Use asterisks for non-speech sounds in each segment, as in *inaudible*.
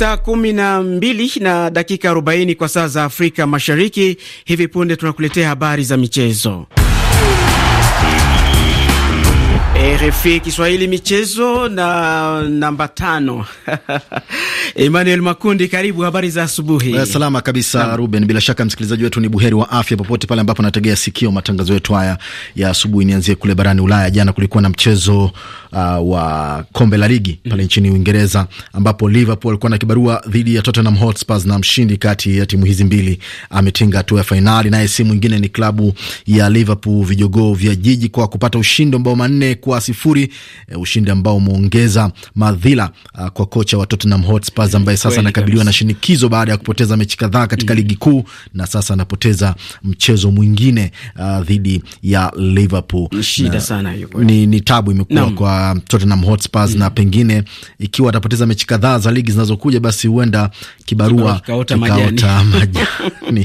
Saa kumi na mbili na dakika arobaini kwa saa za Afrika Mashariki. Hivi punde tunakuletea habari za michezo. RFI Kiswahili michezo na namba tano *laughs* Emmanuel Makundi, karibu. Habari za asubuhi. Eh, salama kabisa Sama. Ruben, bila shaka msikilizaji wetu ni buheri wa afya popote pale ambapo anategea sikio matangazo yetu haya ya asubuhi. Nianzie kule barani Ulaya. Jana kulikuwa na mchezo uh, wa kombe la ligi mm-hmm. pale nchini Uingereza ambapo Liverpool alikuwa na kibarua dhidi ya Tottenham Hotspur, na mshindi kati ya timu hizi mbili ametinga hatua ya fainali, naye simu mwingine ni klabu ya Liverpool, vijogoo vya jiji kwa kupata ushindi wa mabao manne kwa sifuri, e, ushindi ambao umeongeza madhila a, ah, kwa kocha wa Tottenham Hotspur ambaye sasa anakabiliwa na shinikizo baada ya kupoteza mechi kadhaa katika mm. ligi kuu na sasa anapoteza mchezo mwingine ah, dhidi ya Liverpool. Shida sana hiyo, ni, ni tabu imekuwa kwa Tottenham Hotspur mm. na pengine ikiwa atapoteza mechi kadhaa za ligi zinazokuja, basi huenda kibarua kikaota majani.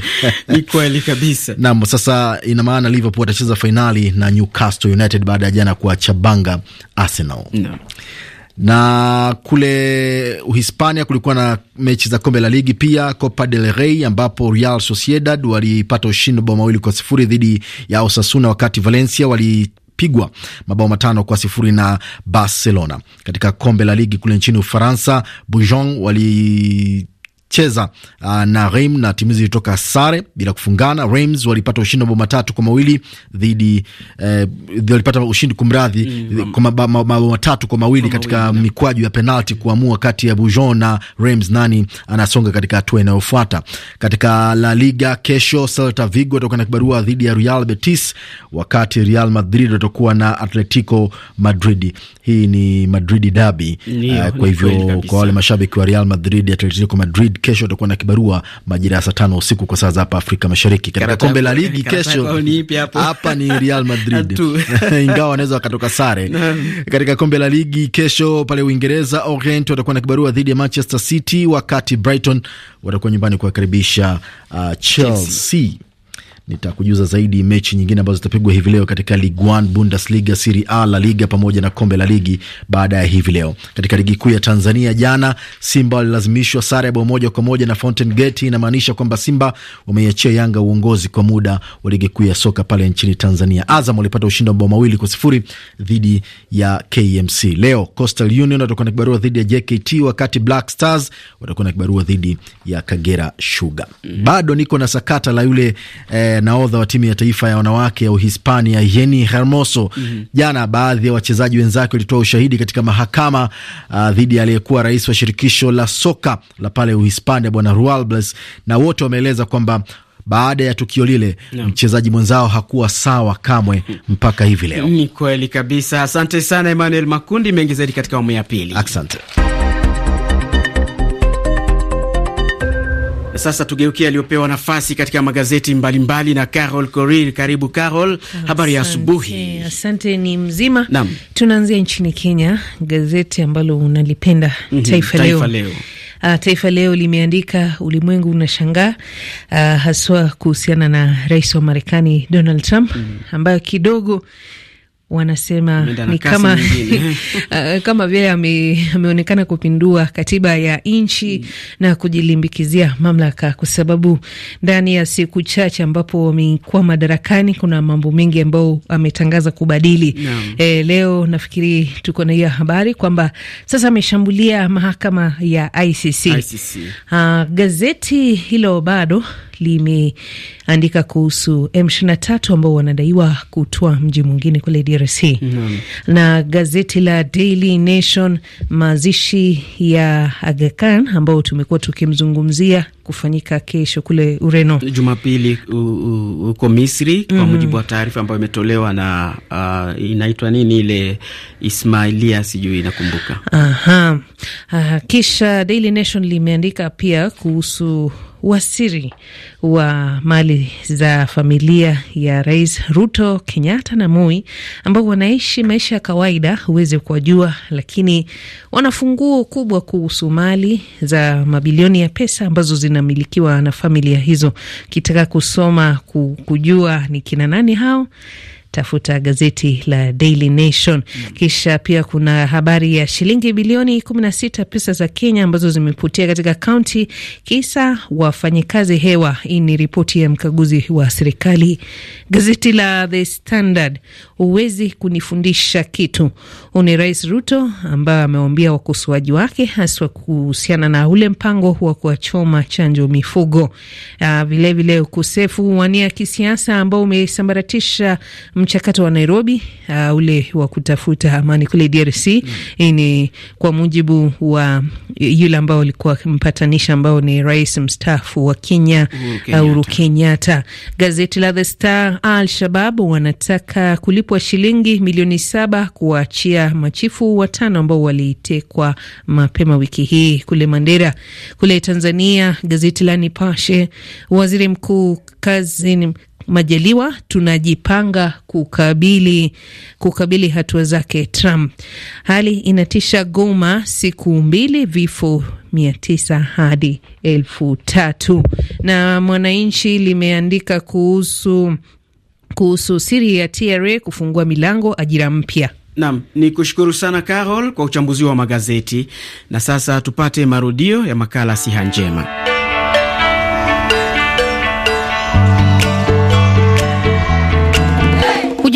*laughs* *laughs* Ni kweli kabisa. Naam, sasa ina maana Liverpool atacheza fainali na Newcastle United baada ya jana kuacha kuipanga Arsenal no. Na kule Uhispania kulikuwa na mechi za kombe la ligi pia, Copa del Rey, ambapo Real Sociedad walipata ushindi mabao mawili kwa sifuri dhidi ya Osasuna, wakati Valencia wali pigwa mabao matano kwa sifuri na Barcelona. Katika kombe la ligi kule nchini Ufaransa, Bujon wali cheza uh, na Reims na timu hizi zilitoka sare bila kufungana. Reims walipata ushindi wa mabao matatu kwa mawili dhidi eh, walipata ushindi kumradhi, mm, kwa mabao ma, ma, matatu kwa mawili katika mikwaju ya penalti kuamua kati ya Bujon na Reims nani anasonga katika hatua inayofuata. Katika La Liga kesho, Celta Vigo watakuwa na kibarua dhidi ya Real Betis, wakati Real Madrid watakuwa na Atletico Madrid. Hii ni Madrid derby. Uh, kwa hivyo kwa wale mashabiki wa Real Madrid, Atletico Madrid kesho atakuwa na kibarua majira ya saa tano usiku kwa saa za hapa Afrika Mashariki katika kombe la ligi kesho. Hapa ni Real Madrid *laughs* *laughs* ingawa wanaweza wakatoka sare *laughs* katika kombe la ligi kesho. Pale Uingereza, Orient watakuwa na kibarua dhidi ya Manchester City, wakati Brighton watakuwa nyumbani kuwakaribisha uh, Chelsea nitakujuza zaidi mechi nyingine ambazo zitapigwa hivi leo katika Ligue 1, Bundesliga, Serie A, La Liga pamoja na kombe la ligi baada ya hivi leo. Katika ligi kuu ya Tanzania jana, Simba walilazimishwa sare ya bao moja kwa moja na Fountain Gate. Inamaanisha kwamba Simba wameiachia Yanga uongozi kwa muda wa ligi kuu ya soka pale nchini Tanzania. Azam walipata ushindi wa mabao mawili kwa sifuri dhidi ya KMC. Leo Coastal Union watakuwa na kibarua dhidi ya JKT, wakati Black Stars watakuwa na kibarua dhidi ya Kagera Sugar. Bado niko na sakata la yule eh, Eh, nahodha wa timu ya taifa ya wanawake ya Uhispania Yeni Hermoso mm -hmm. Jana baadhi ya wachezaji wenzake walitoa ushahidi katika mahakama uh, dhidi ya aliyekuwa rais wa shirikisho la soka la pale Uhispania Bwana Rualbles, na wote wameeleza kwamba baada ya tukio lile no. mchezaji mwenzao hakuwa sawa kamwe mpaka hivi leo. Ni kweli kabisa. Asante sana Emmanuel Makundi, mengi zaidi katika awamu ya pili. Asante. Sasa tugeukia aliyopewa nafasi katika magazeti mbalimbali mbali na Carol Korir. Karibu Carol, habari ya asubuhi. Asante, ni mzima. Naam, tunaanzia nchini Kenya, gazeti ambalo unalipenda mm -hmm, Taifa Leo, Taifa Leo. Uh, Taifa Leo limeandika ulimwengu unashangaa, uh, haswa kuhusiana na rais wa Marekani Donald Trump mm -hmm, ambayo kidogo wanasema ni kama *laughs* eh, kama vile ame, ameonekana kupindua katiba ya nchi mm, na kujilimbikizia mamlaka, kwa sababu ndani ya siku chache ambapo amekuwa madarakani kuna mambo mengi ambayo ametangaza kubadili no. E, eh, leo nafikiri tuko na hiyo habari kwamba sasa ameshambulia mahakama ya ICC, ICC. A, ah, gazeti hilo bado limeandika kuhusu M23 ambao wanadaiwa kutoa mji mwingine kule DRC mm. Na gazeti la Daily Nation, mazishi ya Aga Khan ambao tumekuwa tukimzungumzia kufanyika kesho kule Ureno Jumapili huko Misri kwa mm. mujibu wa taarifa ambayo imetolewa na uh, inaitwa nini ile Ismailia sijui inakumbuka. Aha. Uh, kisha Daily Nation limeandika pia kuhusu wasiri wa mali za familia ya Rais Ruto, Kenyatta na Moi ambao wanaishi maisha ya kawaida, huwezi kuwajua, lakini wana funguo kubwa kuhusu mali za mabilioni ya pesa ambazo zinamilikiwa na familia hizo. Kitaka kusoma kujua ni kina nani hao tafuta gazeti la Daily Nation. Mm. Kisha pia kuna habari ya shilingi bilioni 16 pesa za Kenya ambazo zimepotea katika kaunti, kisa wafanyikazi hewa. Hii ni ripoti ya mkaguzi wa serikali. Gazeti la The Standard, huwezi kunifundisha kitu. Huu ni Rais Ruto ambaye amewaambia wakosoaji wake haswa kuhusiana na ule mpango wa kuwachoma chanjo mifugo. Vilevile ah, ukosefu wa nia ya kisiasa ambao umesambaratisha mchakato wa Nairobi uh, ule wa kutafuta amani kule DRC mm. Ni kwa mujibu wa yule ambao alikuwa mpatanisha ambao ni rais mstaafu wa Kenya Uhuru uh, Kenyatta. Gazeti la The Star, Al Shabab wanataka kulipwa shilingi milioni saba kuwaachia machifu watano ambao walitekwa mapema wiki hii kule Mandera. Kule Tanzania, gazeti la Nipashe, waziri mkuu kazini Majaliwa tunajipanga kukabili, kukabili hatua zake Trump. Hali inatisha Goma, siku mbili vifo mia tisa hadi elfu tatu na Mwananchi limeandika kuhusu kuhusu siri ya TRA kufungua milango ajira mpya. Nam ni kushukuru sana Carol kwa uchambuzi wa magazeti, na sasa tupate marudio ya makala siha njema.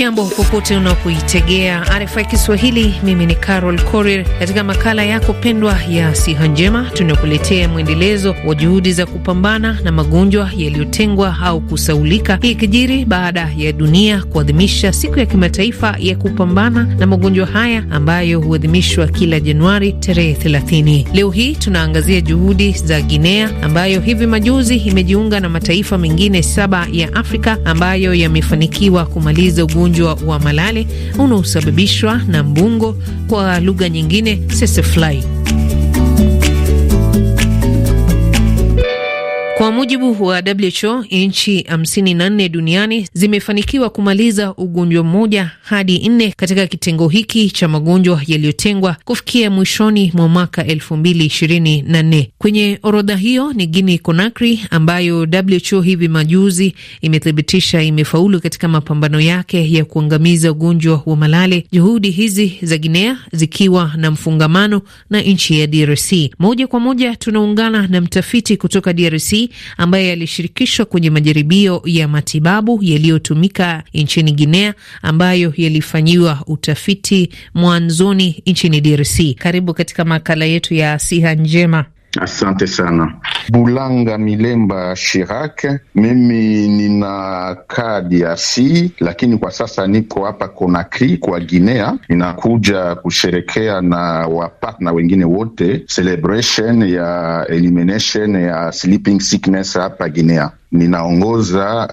Hujambo popote unapoitegea RFI Kiswahili. Mimi ni Carol Korir. Katika makala yako pendwa ya siha njema, tunakuletea mwendelezo wa juhudi za kupambana na magonjwa yaliyotengwa au kusaulika. Hii ikijiri baada ya dunia kuadhimisha siku ya kimataifa ya kupambana na magonjwa haya ambayo huadhimishwa kila Januari tarehe 30. Leo hii tunaangazia juhudi za Guinea ambayo hivi majuzi imejiunga na mataifa mengine saba ya Afrika ambayo yamefanikiwa kumaliza ugonjwa ugonjwa wa malale unaosababishwa na mbungo, kwa lugha nyingine sesefly. Kwa mujibu wa WHO, nchi 54 duniani zimefanikiwa kumaliza ugonjwa mmoja hadi nne katika kitengo hiki cha magonjwa yaliyotengwa kufikia mwishoni mwa mwaka 2024. Kwenye orodha hiyo ni Guinea Conakry ambayo WHO hivi majuzi imethibitisha imefaulu katika mapambano yake ya kuangamiza ugonjwa wa malale, juhudi hizi za Guinea zikiwa na mfungamano na nchi ya DRC. Moja kwa moja tunaungana na mtafiti kutoka DRC ambaye yalishirikishwa kwenye majaribio ya matibabu yaliyotumika nchini Guinea ambayo yalifanyiwa utafiti mwanzoni nchini DRC. Karibu katika makala yetu ya siha njema. Asante sana Bulanga Milemba Shirak. Mimi ninakaa DRC, lakini kwa sasa niko hapa Konakri kwa Guinea. Ninakuja kusherekea na wapatna wengine wote celebration ya elimination ya sleeping sickness hapa Guinea ninaongoza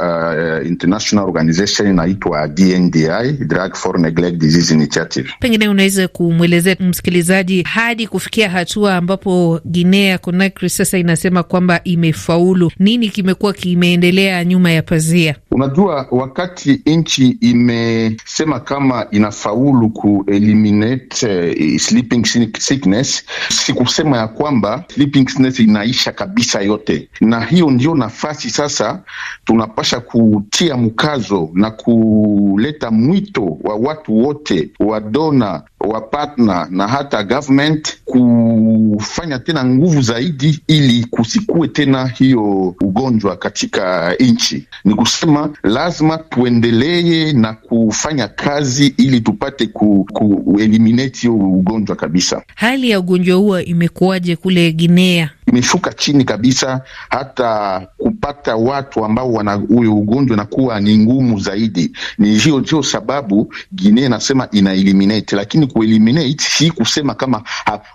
uh, international organization inaitwa DNDi, Drug for Neglect Disease Initiative. Pengine unaweza kumwelezea msikilizaji hadi kufikia hatua ambapo Guinea Conakry sasa inasema kwamba imefaulu, nini kimekuwa kimeendelea nyuma ya pazia? Unajua, wakati nchi imesema kama inafaulu ku eliminate eh, sleeping sickness, kusema ya kwamba sleeping sickness inaisha kabisa yote, na hiyo ndio nafasi sasa tunapasha kutia mkazo na kuleta mwito wa watu wote wa dona wa na hata government kufanya tena nguvu zaidi, ili kusikue tena hiyo ugonjwa katika nchi. Ni kusema lazima tuendelee na kufanya kazi ili tupate ku, ku hiyo ugonjwa kabisa. Hali ya ugonjwa huo imekuwaje kule Guinea? imeshuka chini kabisa, hata kupata watu ambao wana huyo ugonjwa inakuwa ni ngumu zaidi. Ni hiyo ndio sababu Guinea nasema ina eliminate, lakini kueliminate si kusema kama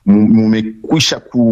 mumekwisha ku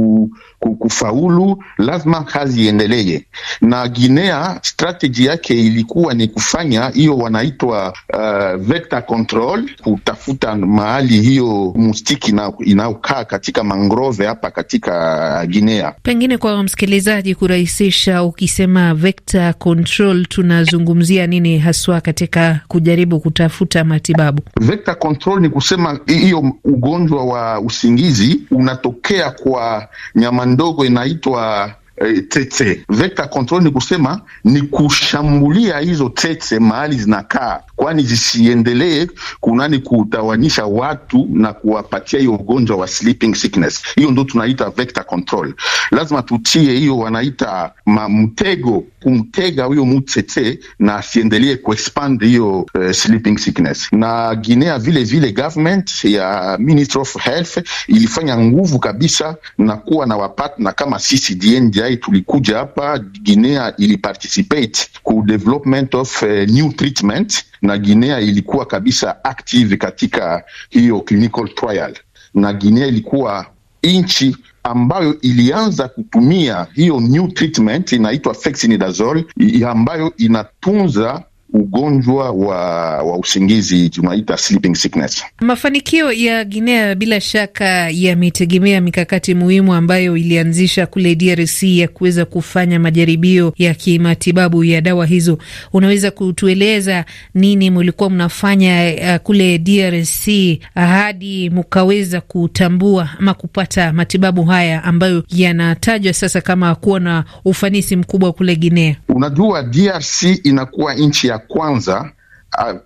kufaulu, lazima kazi iendelee. Na Guinea strategy yake ilikuwa ni kufanya hiyo wanaitwa uh, vector control, kutafuta mahali hiyo mustiki inayokaa katika mangrove hapa katika Guinea. Pengine kwa msikilizaji kurahisisha, ukisema vector control tunazungumzia nini haswa katika kujaribu kutafuta matibabu? Vector control ni kusema hiyo ugonjwa wa usingizi unatokea kwa nyama ndogo inaitwa Eh, tete. Vector control ni kusema ni kushambulia hizo tete mahali zinakaa, kwani zisiendelee kunani kutawanyisha watu na kuwapatia hiyo ugonjwa wa sleeping sickness. Hiyo ndo tunaita vector control. Lazima tutie hiyo wanaita mtego, kumtega huyo mutete na asiendelee kuexpand hiyo uh, sleeping sickness. Na Guinea vile vile government ya Ministry of Health ilifanya nguvu kabisa na kuwa na wapatna kama CCDNDI Maasai tulikuja hapa Guinea ili participate ku development of uh, new treatment na Guinea ilikuwa kabisa active katika hiyo clinical trial, na Guinea ilikuwa inchi ambayo ilianza kutumia hiyo new treatment inaitwa fexinidazole ambayo inatunza ugonjwa wa, wa usingizi tunaita sleeping sickness. Mafanikio ya Guinea bila shaka yametegemea mikakati muhimu ambayo ilianzisha kule DRC ya kuweza kufanya majaribio ya kimatibabu ya dawa hizo. Unaweza kutueleza nini mulikuwa mnafanya uh, kule DRC hadi mkaweza kutambua ama kupata matibabu haya ambayo yanatajwa sasa kama kuwa na ufanisi mkubwa kule Guinea? Unajua DRC inakuwa nchi ya kwanza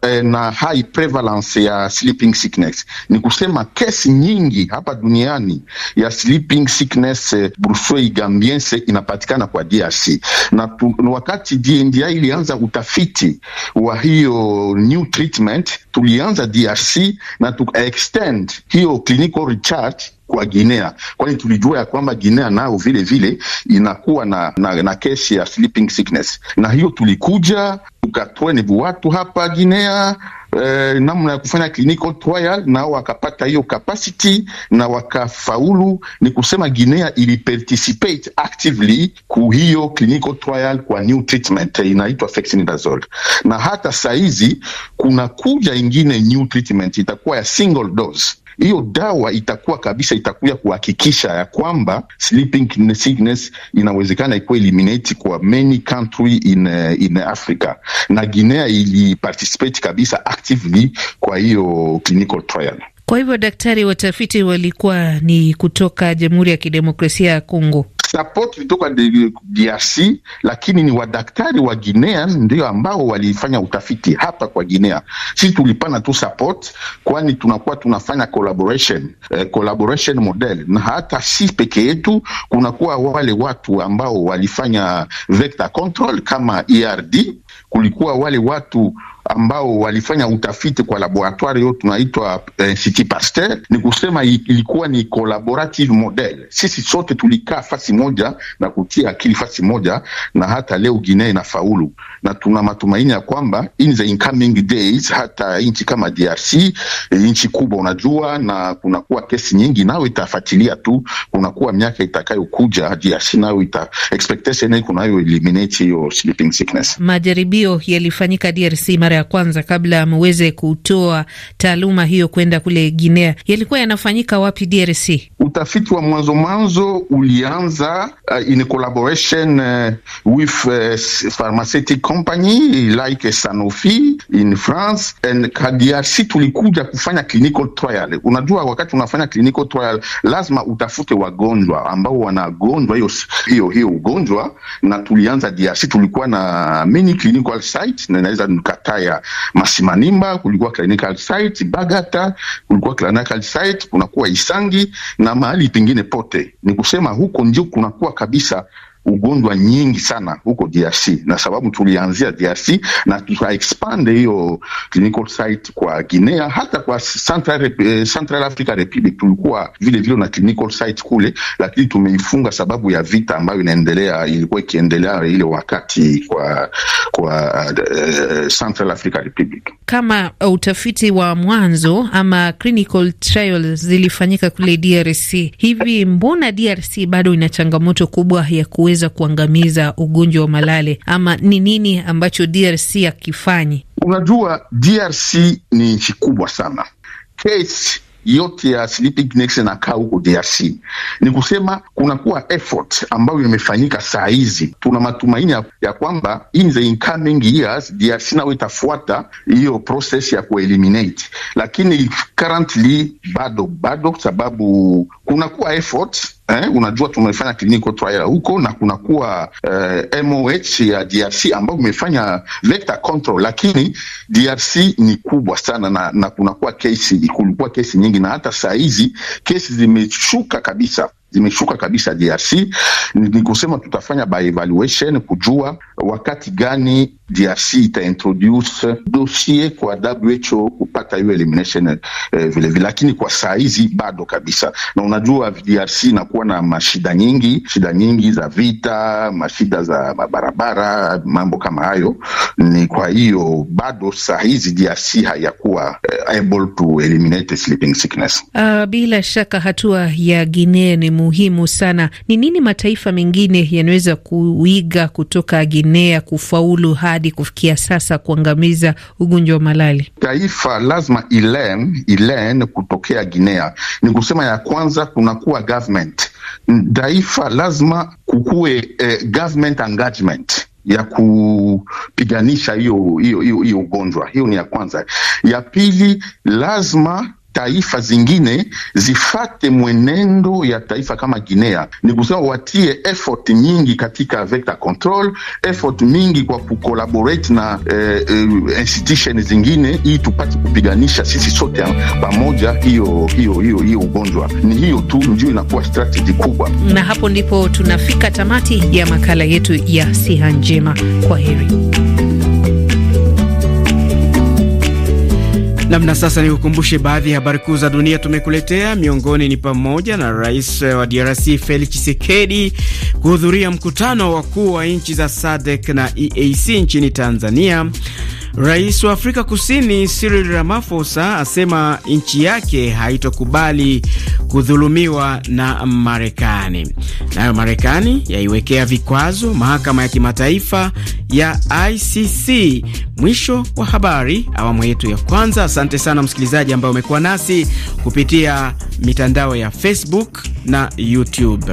e, na high prevalence ya sleeping sickness. Ni kusema kesi nyingi hapa duniani ya sleeping sickness e, brucei gambiense inapatikana kwa DRC na tu, wakati DNDi ilianza utafiti wa hiyo new treatment tulianza DRC na tukaextend hiyo clinical research kwa Guinea, kwani tulijua ya kwamba Guinea nao vile vile inakuwa na, na, na kesi ya sleeping sickness, na hiyo tulikuja tukatoa ni watu hapa Guinea eh, namna ya kufanya clinical trial na wakapata hiyo capacity na wakafaulu. Ni kusema Guinea ili participate actively ku hiyo clinical trial kwa new treatment eh, inaitwa fexinidazole, na hata saizi kuna kuja ingine new treatment itakuwa ya single dose hiyo dawa itakuwa kabisa, itakuja kuhakikisha ya kwamba sleeping sickness inawezekana ikuwa eliminate kwa many country in, eh, in Africa na Guinea iliparticipate kabisa actively kwa hiyo clinical trial. Kwa hivyo daktari, watafiti walikuwa ni kutoka Jamhuri ya Kidemokrasia ya Kongo sapoti ilitoka DRC, lakini ni wadaktari wa Guinea ndio ambao walifanya utafiti hapa kwa Guinea. Sisi tulipana tu support, kwani tunakuwa tunafanya collaboration, eh, collaboration model, na hata si peke yetu, kunakuwa wale watu ambao walifanya vector control kama ERD, kulikuwa wale watu ambao walifanya utafiti kwa laboratoire hiyo tunaitwa eh, Institut Pasteur. Ni kusema ilikuwa ni collaborative model, sisi sote tulikaa fasi moja na kutia akili fasi moja, na hata leo Guinea inafaulu, na tuna matumaini ya kwamba in the incoming days hata nchi kama DRC, eh, nchi kubwa, unajua, na kunakuwa kesi nyingi, nayo itafuatilia tu, kunakuwa miaka itakayokuja DRC nayo ita expectation kunayo eliminate hiyo sleeping sickness. Majaribio yalifanyika DRC mara mara ya kwanza kabla ameweze kutoa taaluma hiyo kwenda kule Guinea, yalikuwa yanafanyika wapi DRC? Utafiti wa mwanzo mwanzo ulianza uh, in collaboration uh, with uh, pharmaceutical company like Sanofi in France and KDRC. Tulikuja kufanya clinical trial. Unajua, wakati unafanya clinical trial lazima utafute wagonjwa ambao wanagonjwa hiyo hiyo hiyo ugonjwa, na tulianza DRC, tulikuwa na many clinical site na nikataa ya Masimanimba, kulikuwa clinical site Bagata, kulikuwa clinical site kunakuwa Isangi na mahali pengine pote. Ni kusema huko ndio kunakuwa kabisa ugonjwa nyingi sana huko DRC, na sababu tulianzia DRC na tukaexpand hiyo clinical site kwa Guinea, hata kwa Central, eh, Central Africa Republic tulikuwa vile vile na clinical site kule, lakini tumeifunga sababu ya vita ambayo inaendelea, ilikuwa ikiendelea ile wakati kwa kwa uh, Central Africa Republic. Kama eh, utafiti wa mwanzo ama clinical trials zilifanyika kule DRC, hivi mbona DRC bado ina changamoto kubwa ya kuwe kuweza kuangamiza ugonjwa wa malale, ama ni nini ambacho DRC akifanyi? Unajua, DRC ni nchi kubwa sana. Case yote ya sleeping huko DRC. Ni kusema kunakuwa effort ambayo imefanyika saa hizi. Tuna matumaini ya, ya kwamba in the incoming years DRC itafuata hiyo process ya kueliminate, lakini currently bado bado, sababu kunakuwa effort Eh, unajua tumefanya clinical trial huko na kunakuwa eh, MOH ya DRC ambao umefanya vector control, lakini DRC ni kubwa sana na, na kunakuwa kesi, kulikuwa kesi nyingi na hata saa hizi kesi zimeshuka kabisa zimeshuka kabisa DRC. Ni, ni kusema tutafanya by evaluation kujua wakati gani DRC ita introduce dossier kwa WHO kupata hiyo elimination eh, vilevile, lakini kwa saa hizi bado kabisa, na unajua DRC inakuwa na mashida nyingi, shida nyingi za vita, mashida za mabarabara, mambo kama hayo. Ni kwa hiyo bado saa hizi DRC hayakuwa eh, able to eliminate sleeping sickness. Uh, bila shaka hatua ya Guinea ni muhimu sana. Ni nini mataifa mengine yanaweza kuiga kutoka Guinea kufaulu hadi kufikia sasa kuangamiza ugonjwa wa malali? Taifa lazima ilen ilen kutokea Guinea, ni kusema ya kwanza kunakuwa government taifa lazima kukuwe eh, government engagement ya kupiganisha hiyo hiyo hiyo ugonjwa. Hiyo ni ya kwanza. Ya pili lazima taifa zingine zifate mwenendo ya taifa kama Guinea, ni kusema watie effort nyingi katika vector control, effort mingi kwa kucollaborate na eh, eh, institution zingine, ili tupate kupiganisha sisi sote pamoja hiyo hiyo hiyo hiyo ugonjwa. Ni hiyo tu ndio inakuwa strategy kubwa, na hapo ndipo tunafika tamati ya makala yetu ya siha njema. Kwa heri. Namna sasa, ni kukumbushe baadhi ya habari kuu za dunia tumekuletea. Miongoni ni pamoja na rais wa DRC Felix Tshisekedi kuhudhuria mkutano wa wakuu wa nchi za SADC e na EAC nchini Tanzania. Rais wa Afrika Kusini Cyril Ramaphosa asema nchi yake haitokubali kudhulumiwa na Marekani. Nayo Marekani yaiwekea vikwazo mahakama ya kimataifa ya ICC. Mwisho wa habari awamu yetu ya kwanza. Asante sana msikilizaji ambaye umekuwa nasi kupitia mitandao ya Facebook na YouTube.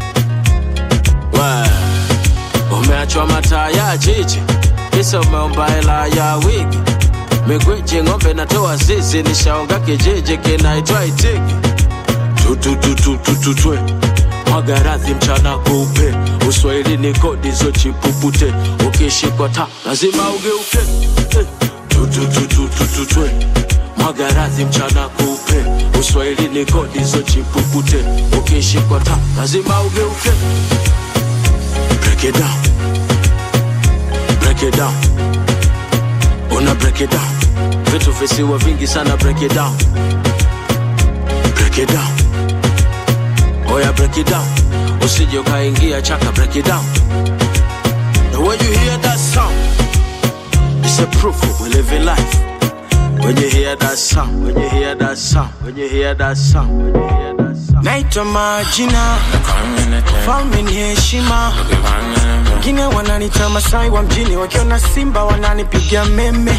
umeachwa mataa ya jiji, kisa umeomba hela ya wiki. Migwiji ng'ombe natoa zizi, nishaonga kijiji kinaitwa Itiki. tutututututwe mwaga mchana kupe, uswahili ni kodi zo zochipupute, ukishikwa ta lazima ugeuke eh. tutututututwe mwaga mchana kupe, uswahili ni kodi zo zochipupute, ukishikwa ta lazima ugeuke break it down. Break it down. Una break it down. Vitu visiwe vingi sana break it down. Break it down. Oya break it down. Usije ukaingia chaka break it down. Now when you hear that song, it's a proof we live in life. When you hear that song, when you hear that song, when you hear that song. when you hear that naitwa majina, falme ni heshima. Wengine wananita Masai wa mjini, wakiona simba wananipiga meme.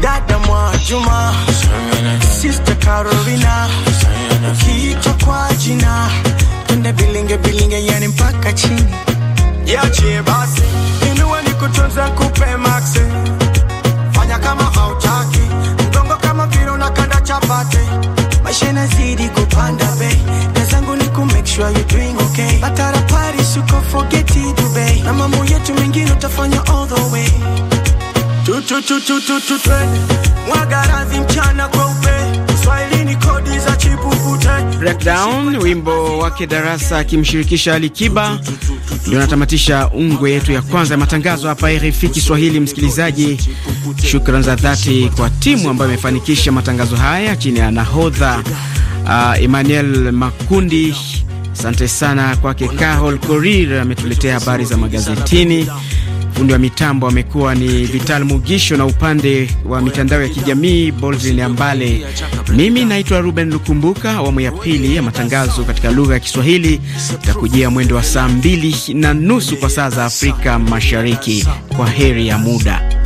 Dada mwa Juma, sister Carolina, ukiitwa kwa jina mwagaradhi mchana kweupe Swahilini kodi za chipukute. Breakdown wimbo wake Darasa akimshirikisha Ali Kiba ndio anatamatisha ungwe yetu ya kwanza ya matangazo hapa RFI Kiswahili. Msikilizaji, shukrani za dhati kwa timu ambayo imefanikisha matangazo haya chini ya nahodha uh, Emmanuel Makundi. Asante sana kwake Carol Korir ametuletea habari za magazetini. Fundi wa mitambo amekuwa ni Vital Mugisho, na upande wa mitandao ya kijamii Boldrin Ambale. Mimi naitwa Ruben Lukumbuka. Awamu ya pili ya matangazo katika lugha ya Kiswahili itakujia mwendo wa saa mbili na nusu kwa saa za Afrika Mashariki. Kwa heri ya muda.